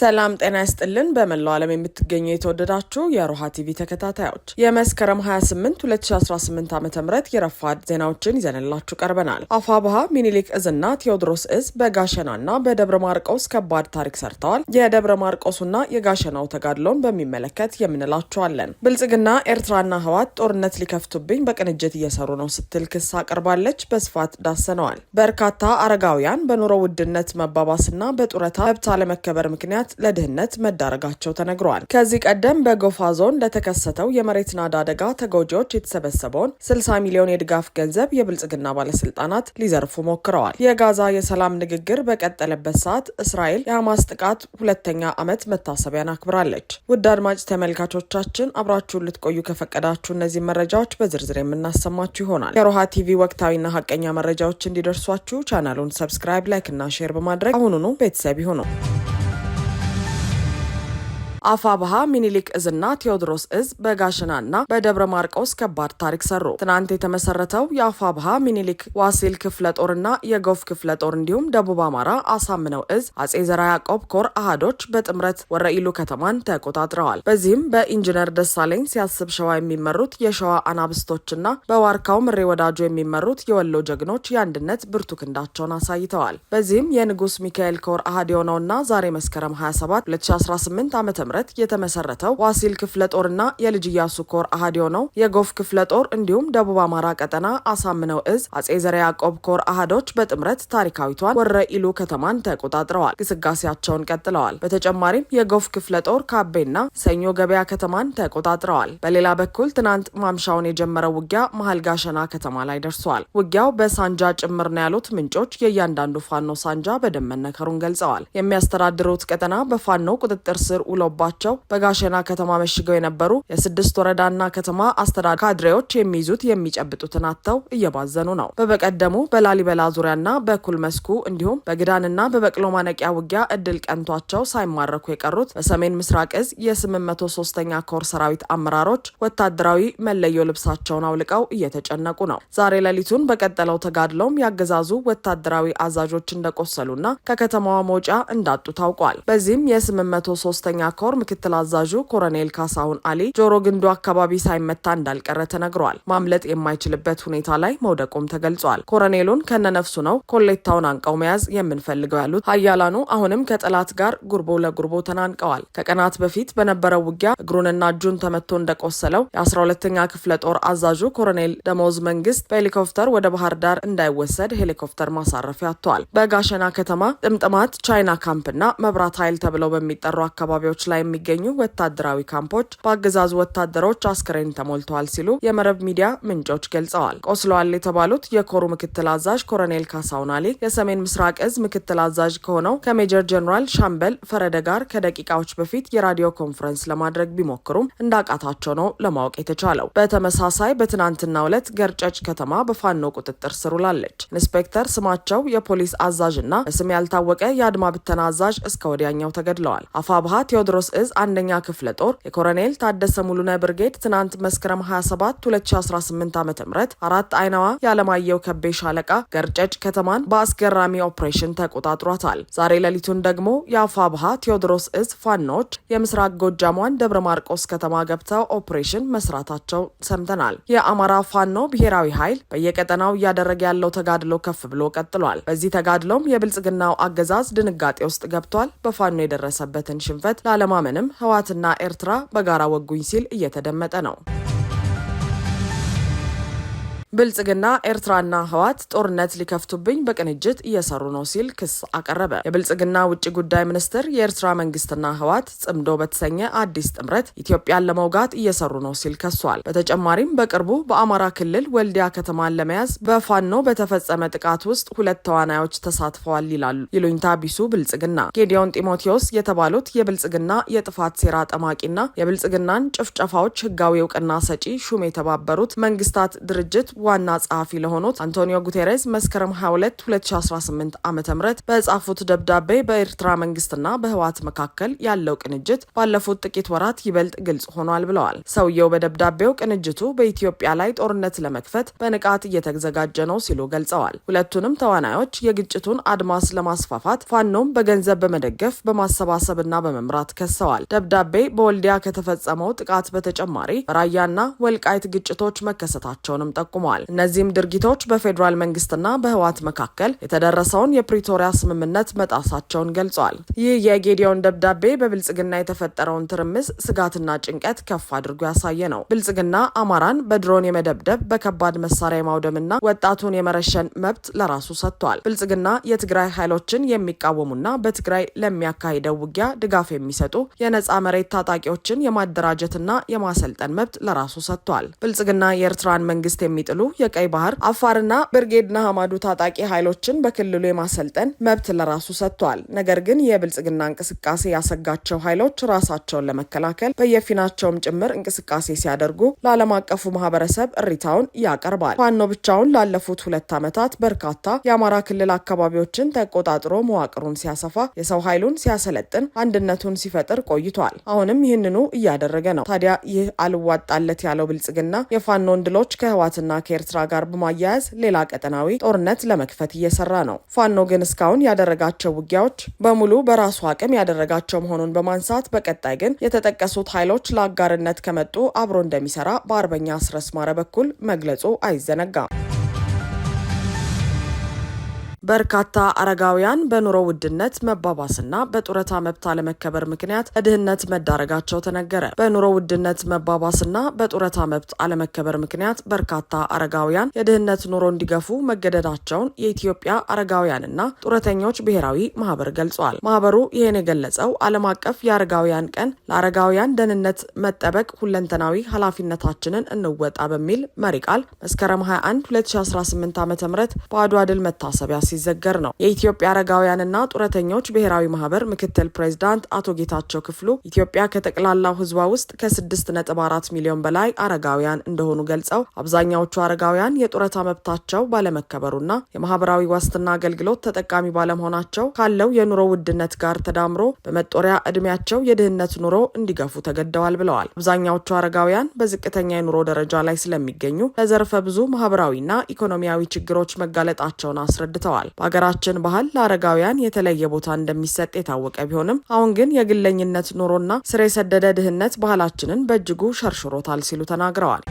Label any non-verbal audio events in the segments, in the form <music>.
ሰላም ጤና ይስጥልን። በመላው ዓለም የምትገኙ የተወደዳችሁ የሮሃ ቲቪ ተከታታዮች የመስከረም 28 2018 ዓ ም የረፋድ ዜናዎችን ይዘንላችሁ ቀርበናል። አፋብሃ ሚኒሊክ እዝና ቴዎድሮስ እዝ በጋሸናና በደብረ ማርቆስ ከባድ ታሪክ ሰርተዋል። የደብረ ማርቆሱና የጋሸናው ተጋድሎን በሚመለከት የምንላችኋለን። ብልጽግና ኤርትራና ህዋት ጦርነት ሊከፍቱብኝ በቅንጅት እየሰሩ ነው ስትል ክስ አቅርባለች። በስፋት ዳሰነዋል። በርካታ አረጋውያን በኑሮ ውድነት መባባስና በጡረታ መብት አለመከበር ምክንያት ምክንያት ለድህነት መዳረጋቸው ተነግሯል። ከዚህ ቀደም በጎፋ ዞን ለተከሰተው የመሬት ናዳ አደጋ ተጎጂዎች የተሰበሰበውን 60 ሚሊዮን የድጋፍ ገንዘብ የብልጽግና ባለስልጣናት ሊዘርፉ ሞክረዋል። የጋዛ የሰላም ንግግር በቀጠለበት ሰዓት እስራኤል የሐማስ ጥቃት ሁለተኛ ዓመት መታሰቢያን አክብራለች። ውድ አድማጭ ተመልካቾቻችን አብራችሁን ልትቆዩ ከፈቀዳችሁ እነዚህ መረጃዎች በዝርዝር የምናሰማችሁ ይሆናል። የሮሃ ቲቪ ወቅታዊና ሀቀኛ መረጃዎች እንዲደርሷችሁ ቻናሉን ሰብስክራይብ፣ ላይክ እና ሼር በማድረግ አሁኑኑ ቤተሰብ ይሁኑ። አፋብሃ ሚኒሊክ እዝና ቴዎድሮስ እዝ በጋሽናና በደብረ ማርቆስ ከባድ ታሪክ ሰሩ። ትናንት የተመሰረተው የአፋብሃ ሚኒሊክ ዋሲል ክፍለ ጦርና የጎፍ ክፍለ ጦር እንዲሁም ደቡብ አማራ አሳምነው እዝ አጼ ዘራ ያዕቆብ ኮር አህዶች በጥምረት ወረኢሉ ከተማን ተቆጣጥረዋል። በዚህም በኢንጂነር ደሳለኝ ሲያስብ ሸዋ የሚመሩት የሸዋ አናብስቶችና በዋርካው ምሬ ወዳጆ የሚመሩት የወሎ ጀግኖች የአንድነት ብርቱ ክንዳቸውን አሳይተዋል። በዚህም የንጉስ ሚካኤል ኮር አህድ የሆነውና ዛሬ መስከረም 27 2018 ዓ ም የተመሰረተው ዋሲል ክፍለ ጦርና የልጅ ሱኮር ኮር አህድ የሆነው የጎፍ ክፍለ ጦር እንዲሁም ደቡብ አማራ ቀጠና አሳምነው እዝ አጼ ዘረ ያዕቆብ ኮር አህዶች በጥምረት ታሪካዊቷን ወረ ኢሉ ከተማን ተቆጣጥረዋል። ግስጋሴያቸውን ቀጥለዋል። በተጨማሪም የጎፍ ክፍለ ጦር ካቤና ሰኞ ገበያ ከተማን ተቆጣጥረዋል። በሌላ በኩል ትናንት ማምሻውን የጀመረው ውጊያ መሀል ጋሸና ከተማ ላይ ደርሷል። ውጊያው በሳንጃ ጭምር ነው ያሉት ምንጮች የእያንዳንዱ ፋኖ ሳንጃ በደመነከሩን ገልጸዋል። የሚያስተዳድሩት ቀጠና በፋኖ ቁጥጥር ስር ውሎባ ተፈርዶባቸው በጋሸና ከተማ መሽገው የነበሩ የስድስት ወረዳና ከተማ አስተዳደር ካድሬዎች የሚይዙት የሚጨብጡትን አጥተው እየባዘኑ ነው። በበቀደሙ በላሊበላ ዙሪያና በኩል መስኩ እንዲሁም በግዳንና በበቅሎ ማነቂያ ውጊያ እድል ቀንቷቸው ሳይማረኩ የቀሩት በሰሜን ምስራቅ እዝ የ803ኛ ኮር ሰራዊት አመራሮች ወታደራዊ መለዮ ልብሳቸውን አውልቀው እየተጨነቁ ነው። ዛሬ ሌሊቱን በቀጠለው ተጋድለውም ያገዛዙ ወታደራዊ አዛዦች እንደቆሰሉና ከከተማዋ መውጫ እንዳጡ ታውቋል። በዚህም የ803ኛ ኮር ጦር ምክትል አዛዡ ኮረኔል ካሳሁን አሊ ጆሮ ግንዱ አካባቢ ሳይመታ እንዳልቀረ ተነግሯል። ማምለጥ የማይችልበት ሁኔታ ላይ መውደቁም ተገልጿል። ኮሎኔሉን ከነነፍሱ ነው ኮሌታውን አንቀው መያዝ የምንፈልገው ያሉት ሀያላኑ አሁንም ከጠላት ጋር ጉርቦ ለጉርቦ ተናንቀዋል። ከቀናት በፊት በነበረው ውጊያ እግሩንና እጁን ተመቶ እንደቆሰለው የ12ኛ ክፍለ ጦር አዛዡ ኮሎኔል ደሞዝ መንግስት በሄሊኮፕተር ወደ ባህር ዳር እንዳይወሰድ ሄሊኮፕተር ማሳረፊያ አጥተዋል። በጋሸና ከተማ ጥምጥማት ቻይና ካምፕና መብራት ኃይል ተብለው በሚጠሩ አካባቢዎች ላይ ላይ የሚገኙ ወታደራዊ ካምፖች በአገዛዙ ወታደሮች አስክሬን ተሞልተዋል ሲሉ የመረብ ሚዲያ ምንጮች ገልጸዋል። ቆስለዋል የተባሉት የኮሩ ምክትል አዛዥ ኮሎኔል ካሳሁን አሊ የሰሜን ምስራቅ እዝ ምክትል አዛዥ ከሆነው ከሜጀር ጀኔራል ሻምበል ፈረደ ጋር ከደቂቃዎች በፊት የራዲዮ ኮንፈረንስ ለማድረግ ቢሞክሩም እንዳቃታቸው ነው ለማወቅ የተቻለው። በተመሳሳይ በትናንትናው ዕለት ገርጨጭ ከተማ በፋኖ ቁጥጥር ስር ውላለች። ኢንስፔክተር ስማቸው የፖሊስ አዛዥ እና ስም ያልታወቀ የአድማ ብተና አዛዥ እስከ ወዲያኛው ተገድለዋል። አፋብሃ ቴዎድሮስ ቴዎድሮስ እዝ አንደኛ ክፍለ ጦር የኮሎኔል ታደሰ ሙሉነ ብርጌድ ትናንት መስከረም 27 2018 ዓ ም አራት አይናዋ የዓለማየሁ ከቤ ሻለቃ ገርጨጭ ከተማን በአስገራሚ ኦፕሬሽን ተቆጣጥሯታል። ዛሬ ሌሊቱን ደግሞ የአፋ ብሃ ቴዎድሮስ እዝ ፋኖች የምስራቅ ጎጃሟን ደብረ ማርቆስ ከተማ ገብተው ኦፕሬሽን መስራታቸው ሰምተናል። የአማራ ፋኖ ብሔራዊ ኃይል በየቀጠናው እያደረገ ያለው ተጋድሎ ከፍ ብሎ ቀጥሏል። በዚህ ተጋድሎም የብልጽግናው አገዛዝ ድንጋጤ ውስጥ ገብቷል። በፋኖ የደረሰበትን ሽንፈት ለዓለም በማመንም ህወሓትና ኤርትራ በጋራ ወጉኝ ሲል እየተደመጠ ነው። ብልጽግና ኤርትራና ህዋት ጦርነት ሊከፍቱብኝ በቅንጅት እየሰሩ ነው ሲል ክስ አቀረበ። የብልጽግና ውጭ ጉዳይ ሚኒስትር የኤርትራ መንግስትና ህዋት ጽምዶ በተሰኘ አዲስ ጥምረት ኢትዮጵያን ለመውጋት እየሰሩ ነው ሲል ከሷል። በተጨማሪም በቅርቡ በአማራ ክልል ወልዲያ ከተማን ለመያዝ በፋኖ በተፈጸመ ጥቃት ውስጥ ሁለት ተዋናዮች ተሳትፈዋል ይላሉ ይሉኝታ ቢሱ ብልጽግና። ጌዲዮን ጢሞቴዎስ የተባሉት የብልጽግና የጥፋት ሴራ ጠማቂና የብልጽግናን ጭፍጨፋዎች ህጋዊ እውቅና ሰጪ ሹም የተባበሩት መንግስታት ድርጅት ዋና ጸሐፊ ለሆኑት አንቶኒዮ ጉቴሬስ መስከረም 22 2018 ዓ ም በጻፉት ደብዳቤ በኤርትራ መንግስትና በህወሓት መካከል ያለው ቅንጅት ባለፉት ጥቂት ወራት ይበልጥ ግልጽ ሆኗል ብለዋል። ሰውየው በደብዳቤው ቅንጅቱ በኢትዮጵያ ላይ ጦርነት ለመክፈት በንቃት እየተዘጋጀ ነው ሲሉ ገልጸዋል። ሁለቱንም ተዋናዮች የግጭቱን አድማስ ለማስፋፋት ፋኖም በገንዘብ በመደገፍ በማሰባሰብና በመምራት ከሰዋል። ደብዳቤ በወልዲያ ከተፈጸመው ጥቃት በተጨማሪ በራያና ወልቃይት ግጭቶች መከሰታቸውንም ጠቁሟል። ተጠቅመዋል። እነዚህም ድርጊቶች በፌዴራል መንግስትና በህወሓት መካከል የተደረሰውን የፕሪቶሪያ ስምምነት መጣሳቸውን ገልጿል። ይህ የጌዲዮን ደብዳቤ በብልጽግና የተፈጠረውን ትርምስ፣ ስጋትና ጭንቀት ከፍ አድርጎ ያሳየ ነው። ብልጽግና አማራን በድሮን የመደብደብ በከባድ መሳሪያ የማውደምና ወጣቱን የመረሸን መብት ለራሱ ሰጥቷል። ብልጽግና የትግራይ ኃይሎችን የሚቃወሙና በትግራይ ለሚያካሂደው ውጊያ ድጋፍ የሚሰጡ የነጻ መሬት ታጣቂዎችን የማደራጀትና የማሰልጠን መብት ለራሱ ሰጥቷል። ብልጽግና የኤርትራን መንግስት የሚጥሉ የቀይ ባህር አፋርና ብርጌድና ሀማዱ ታጣቂ ኃይሎችን በክልሉ የማሰልጠን መብት ለራሱ ሰጥቷል። ነገር ግን የብልጽግና እንቅስቃሴ ያሰጋቸው ኃይሎች ራሳቸውን ለመከላከል በየፊናቸውም ጭምር እንቅስቃሴ ሲያደርጉ ለዓለም አቀፉ ማህበረሰብ እሪታውን ያቀርባል። ፋኖ ብቻውን ላለፉት ሁለት ዓመታት በርካታ የአማራ ክልል አካባቢዎችን ተቆጣጥሮ መዋቅሩን ሲያሰፋ፣ የሰው ኃይሉን ሲያሰለጥን፣ አንድነቱን ሲፈጥር ቆይቷል። አሁንም ይህንኑ እያደረገ ነው። ታዲያ ይህ አልዋጣለት ያለው ብልጽግና የፋኖን ድሎች ከህዋትና ከኤርትራ ጋር በማያያዝ ሌላ ቀጠናዊ ጦርነት ለመክፈት እየሰራ ነው። ፋኖ ግን እስካሁን ያደረጋቸው ውጊያዎች በሙሉ በራሱ አቅም ያደረጋቸው መሆኑን በማንሳት በቀጣይ ግን የተጠቀሱት ኃይሎች ለአጋርነት ከመጡ አብሮ እንደሚሰራ በአርበኛ ስረስማረ በኩል መግለጹ አይዘነጋም። በርካታ አረጋውያን በኑሮ ውድነት መባባስና በጡረታ መብት አለመከበር ምክንያት ለድህነት መዳረጋቸው ተነገረ። በኑሮ ውድነት መባባስና በጡረታ መብት አለመከበር ምክንያት በርካታ አረጋውያን የድህነት ኑሮ እንዲገፉ መገደዳቸውን የኢትዮጵያ አረጋውያንና ጡረተኞች ብሔራዊ ማህበር ገልጿል። ማህበሩ ይህን የገለጸው ዓለም አቀፍ የአረጋውያን ቀን ለአረጋውያን ደህንነት መጠበቅ ሁለንተናዊ ኃላፊነታችንን እንወጣ በሚል መሪ ቃል መስከረም 21 2018 ዓ ም በአድዋ ድል መታሰቢያ ሲዘገር ነው። የኢትዮጵያ አረጋውያንና ጡረተኞች ብሔራዊ ማህበር ምክትል ፕሬዚዳንት አቶ ጌታቸው ክፍሉ ኢትዮጵያ ከጠቅላላው ህዝቧ ውስጥ ከስድስት ነጥብ አራት ሚሊዮን በላይ አረጋውያን እንደሆኑ ገልጸው አብዛኛዎቹ አረጋውያን የጡረታ መብታቸው ባለመከበሩና የማህበራዊ ዋስትና አገልግሎት ተጠቃሚ ባለመሆናቸው ካለው የኑሮ ውድነት ጋር ተዳምሮ በመጦሪያ እድሜያቸው የድህነት ኑሮ እንዲገፉ ተገደዋል ብለዋል። አብዛኛዎቹ አረጋውያን በዝቅተኛ የኑሮ ደረጃ ላይ ስለሚገኙ ለዘርፈ ብዙ ማህበራዊና ኢኮኖሚያዊ ችግሮች መጋለጣቸውን አስረድተዋል። ተናግረዋል። በሀገራችን ባህል ለአረጋውያን የተለየ ቦታ እንደሚሰጥ የታወቀ ቢሆንም አሁን ግን የግለኝነት ኑሮና ስር የሰደደ ድህነት ባህላችንን በእጅጉ ሸርሽሮታል ሲሉ ተናግረዋል።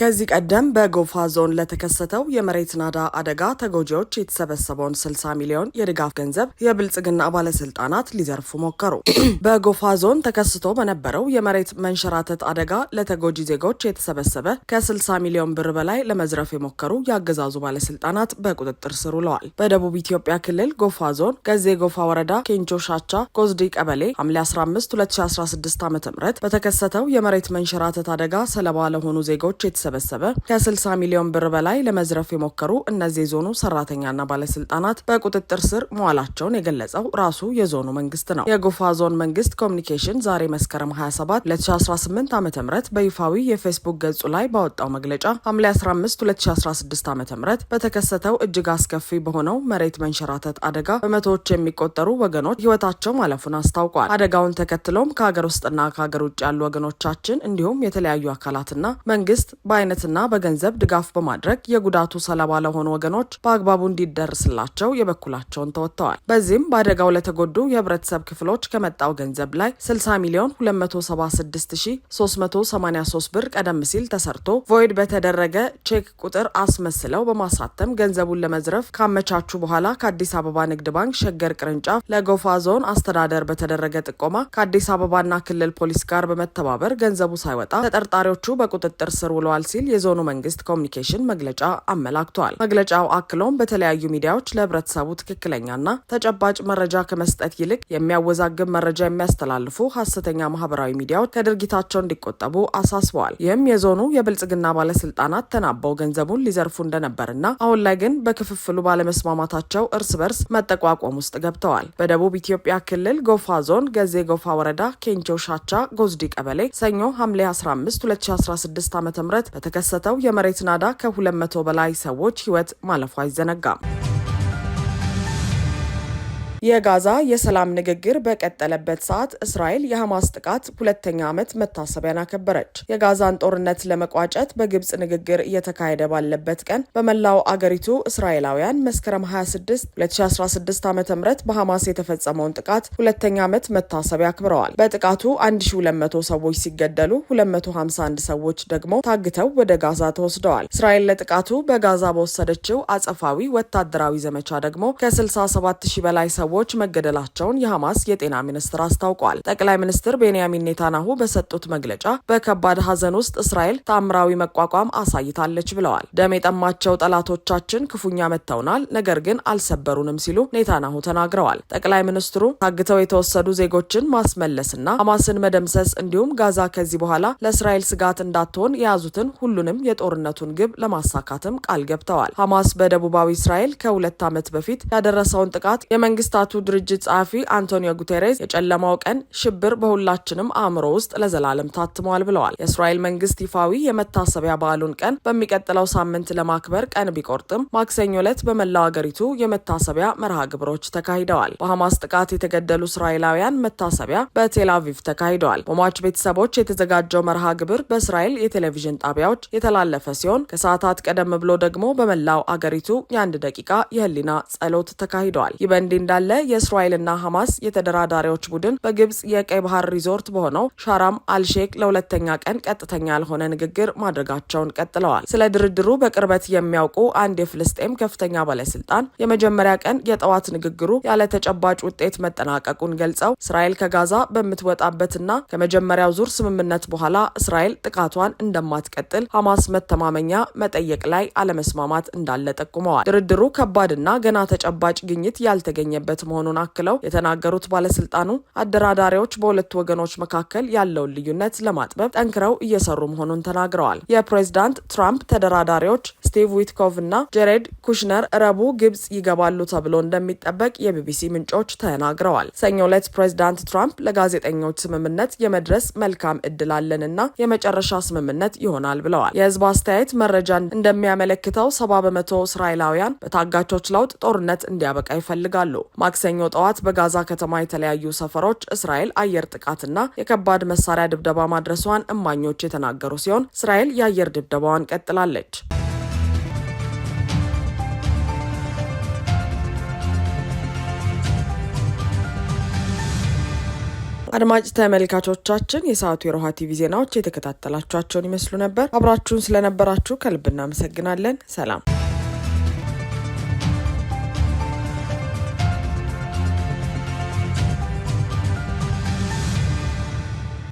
ከዚህ ቀደም በጎፋ ዞን ለተከሰተው የመሬት ናዳ አደጋ ተጎጂዎች የተሰበሰበውን 60 ሚሊዮን የድጋፍ ገንዘብ የብልጽግና ባለስልጣናት ሊዘርፉ ሞከሩ። <clears throat> በጎፋ ዞን ተከስቶ በነበረው የመሬት መንሸራተት አደጋ ለተጎጂ ዜጎች የተሰበሰበ ከ60 ሚሊዮን ብር በላይ ለመዝረፍ የሞከሩ የአገዛዙ ባለስልጣናት በቁጥጥር ስር ውለዋል። በደቡብ ኢትዮጵያ ክልል ጎፋ ዞን ገዜ ጎፋ ወረዳ ኬንቾ ሻቻ ጎዝዲ ቀበሌ ሐምሌ 15 2016 ዓ ም በተከሰተው የመሬት መንሸራተት አደጋ ሰለባ ለሆኑ ዜጎች እየተሰበሰበ ከ60 ሚሊዮን ብር በላይ ለመዝረፍ የሞከሩ እነዚህ የዞኑ ሰራተኛና ባለስልጣናት በቁጥጥር ስር መዋላቸውን የገለጸው ራሱ የዞኑ መንግስት ነው። የጉፋ ዞን መንግስት ኮሚኒኬሽን ዛሬ መስከረም 27 2018 ዓ ም በይፋዊ የፌስቡክ ገጹ ላይ ባወጣው መግለጫ ሐምሌ 15 2016 ዓ ም በተከሰተው እጅግ አስከፊ በሆነው መሬት መንሸራተት አደጋ በመቶዎች የሚቆጠሩ ወገኖች ህይወታቸው ማለፉን አስታውቋል። አደጋውን ተከትሎም ከሀገር ውስጥና ከሀገር ውጭ ያሉ ወገኖቻችን እንዲሁም የተለያዩ አካላትና መንግስት በአይነትና በገንዘብ ድጋፍ በማድረግ የጉዳቱ ሰለባ ለሆኑ ወገኖች በአግባቡ እንዲደርስላቸው የበኩላቸውን ተወጥተዋል። በዚህም በአደጋው ለተጎዱ የህብረተሰብ ክፍሎች ከመጣው ገንዘብ ላይ 60 ሚሊዮን 276383 ብር ቀደም ሲል ተሰርቶ ቮይድ በተደረገ ቼክ ቁጥር አስመስለው በማሳተም ገንዘቡን ለመዝረፍ ካመቻቹ በኋላ ከአዲስ አበባ ንግድ ባንክ ሸገር ቅርንጫፍ ለጎፋ ዞን አስተዳደር በተደረገ ጥቆማ ከአዲስ አበባና ክልል ፖሊስ ጋር በመተባበር ገንዘቡ ሳይወጣ ተጠርጣሪዎቹ በቁጥጥር ስር ውለዋል ሲል የዞኑ መንግስት ኮሚኒኬሽን መግለጫ አመላክቷል። መግለጫው አክሎም በተለያዩ ሚዲያዎች ለህብረተሰቡ ትክክለኛና ተጨባጭ መረጃ ከመስጠት ይልቅ የሚያወዛግብ መረጃ የሚያስተላልፉ ሀሰተኛ ማህበራዊ ሚዲያዎች ከድርጊታቸው እንዲቆጠቡ አሳስበዋል። ይህም የዞኑ የብልጽግና ባለስልጣናት ተናበው ገንዘቡን ሊዘርፉ እንደነበርና አሁን ላይ ግን በክፍፍሉ ባለመስማማታቸው እርስ በርስ መጠቋቋም ውስጥ ገብተዋል። በደቡብ ኢትዮጵያ ክልል ጎፋ ዞን ገዜ ጎፋ ወረዳ ኬንቾ ሻቻ ጎዝዲ ቀበሌ ሰኞ ሐምሌ 15 2016 ዓ ም በተከሰተው የመሬት ናዳ ከ200 በላይ ሰዎች ህይወት ማለፉ አይዘነጋም። የጋዛ የሰላም ንግግር በቀጠለበት ሰዓት እስራኤል የሐማስ ጥቃት ሁለተኛ ዓመት መታሰቢያን አከበረች። የጋዛን ጦርነት ለመቋጨት በግብፅ ንግግር እየተካሄደ ባለበት ቀን በመላው አገሪቱ እስራኤላውያን መስከረም 26 2016 ዓ ም በሐማስ የተፈጸመውን ጥቃት ሁለተኛ ዓመት መታሰቢያ አክብረዋል። በጥቃቱ 1200 ሰዎች ሲገደሉ 251 ሰዎች ደግሞ ታግተው ወደ ጋዛ ተወስደዋል። እስራኤል ለጥቃቱ በጋዛ በወሰደችው አጸፋዊ ወታደራዊ ዘመቻ ደግሞ ከ67 ሺህ በላይ ሰው ሰዎች መገደላቸውን የሐማስ የጤና ሚኒስትር አስታውቋል። ጠቅላይ ሚኒስትር ቤንያሚን ኔታናሁ በሰጡት መግለጫ በከባድ ሐዘን ውስጥ እስራኤል ተአምራዊ መቋቋም አሳይታለች ብለዋል። ደም የጠማቸው ጠላቶቻችን ክፉኛ መጥተውናል፣ ነገር ግን አልሰበሩንም ሲሉ ኔታናሁ ተናግረዋል። ጠቅላይ ሚኒስትሩ ታግተው የተወሰዱ ዜጎችን ማስመለስና ሐማስን መደምሰስ እንዲሁም ጋዛ ከዚህ በኋላ ለእስራኤል ስጋት እንዳትሆን የያዙትን ሁሉንም የጦርነቱን ግብ ለማሳካትም ቃል ገብተዋል። ሐማስ በደቡባዊ እስራኤል ከሁለት ዓመት በፊት ያደረሰውን ጥቃት የመንግስት የመንግስታቱ ድርጅት ጸሐፊ አንቶኒዮ ጉቴሬስ የጨለማው ቀን ሽብር በሁላችንም አእምሮ ውስጥ ለዘላለም ታትሟል ብለዋል። የእስራኤል መንግስት ይፋዊ የመታሰቢያ በዓሉን ቀን በሚቀጥለው ሳምንት ለማክበር ቀን ቢቆርጥም ማክሰኞ ዕለት በመላው አገሪቱ የመታሰቢያ መርሃ ግብሮች ተካሂደዋል። በሐማስ ጥቃት የተገደሉ እስራኤላውያን መታሰቢያ በቴል አቪቭ ተካሂደዋል። በሟች ቤተሰቦች የተዘጋጀው መርሃ ግብር በእስራኤል የቴሌቪዥን ጣቢያዎች የተላለፈ ሲሆን ከሰዓታት ቀደም ብሎ ደግሞ በመላው አገሪቱ የአንድ ደቂቃ የህሊና ጸሎት ተካሂደዋል። ይህ በእንዲህ እንዳለ እንዳለ የእስራኤልና ሐማስ የተደራዳሪዎች ቡድን በግብጽ የቀይ ባህር ሪዞርት በሆነው ሻራም አልሼክ ለሁለተኛ ቀን ቀጥተኛ ያልሆነ ንግግር ማድረጋቸውን ቀጥለዋል። ስለ ድርድሩ በቅርበት የሚያውቁ አንድ የፍልስጤም ከፍተኛ ባለስልጣን የመጀመሪያ ቀን የጠዋት ንግግሩ ያለ ተጨባጭ ውጤት መጠናቀቁን ገልጸው እስራኤል ከጋዛ በምትወጣበትና ከመጀመሪያው ዙር ስምምነት በኋላ እስራኤል ጥቃቷን እንደማትቀጥል ሐማስ መተማመኛ መጠየቅ ላይ አለመስማማት እንዳለ ጠቁመዋል። ድርድሩ ከባድና ገና ተጨባጭ ግኝት ያልተገኘበት የሚችልበት መሆኑን አክለው የተናገሩት ባለስልጣኑ አደራዳሪዎች በሁለቱ ወገኖች መካከል ያለውን ልዩነት ለማጥበብ ጠንክረው እየሰሩ መሆኑን ተናግረዋል። የፕሬዚዳንት ትራምፕ ተደራዳሪዎች ስቲቭ ዊትኮቭ እና ጀሬድ ኩሽነር ረቡ ግብጽ ይገባሉ ተብሎ እንደሚጠበቅ የቢቢሲ ምንጮች ተናግረዋል። ሰኞ ዕለት ፕሬዚዳንት ትራምፕ ለጋዜጠኞች ስምምነት የመድረስ መልካም እድል አለን የመጨረሻ ስምምነት ይሆናል ብለዋል። የህዝብ አስተያየት መረጃ እንደሚያመለክተው ሰባ በመቶ እስራኤላውያን በታጋቾች ለውጥ ጦርነት እንዲያበቃ ይፈልጋሉ። ማክሰኞ ጠዋት በጋዛ ከተማ የተለያዩ ሰፈሮች እስራኤል አየር ጥቃትና የከባድ መሳሪያ ድብደባ ማድረሷን እማኞች የተናገሩ ሲሆን እስራኤል የአየር ድብደባዋን ቀጥላለች። አድማጭ ተመልካቾቻችን የሰዓቱ የሮሃ ቲቪ ዜናዎች የተከታተላችኋቸውን ይመስሉ ነበር። አብራችሁን ስለነበራችሁ ከልብ እናመሰግናለን። ሰላም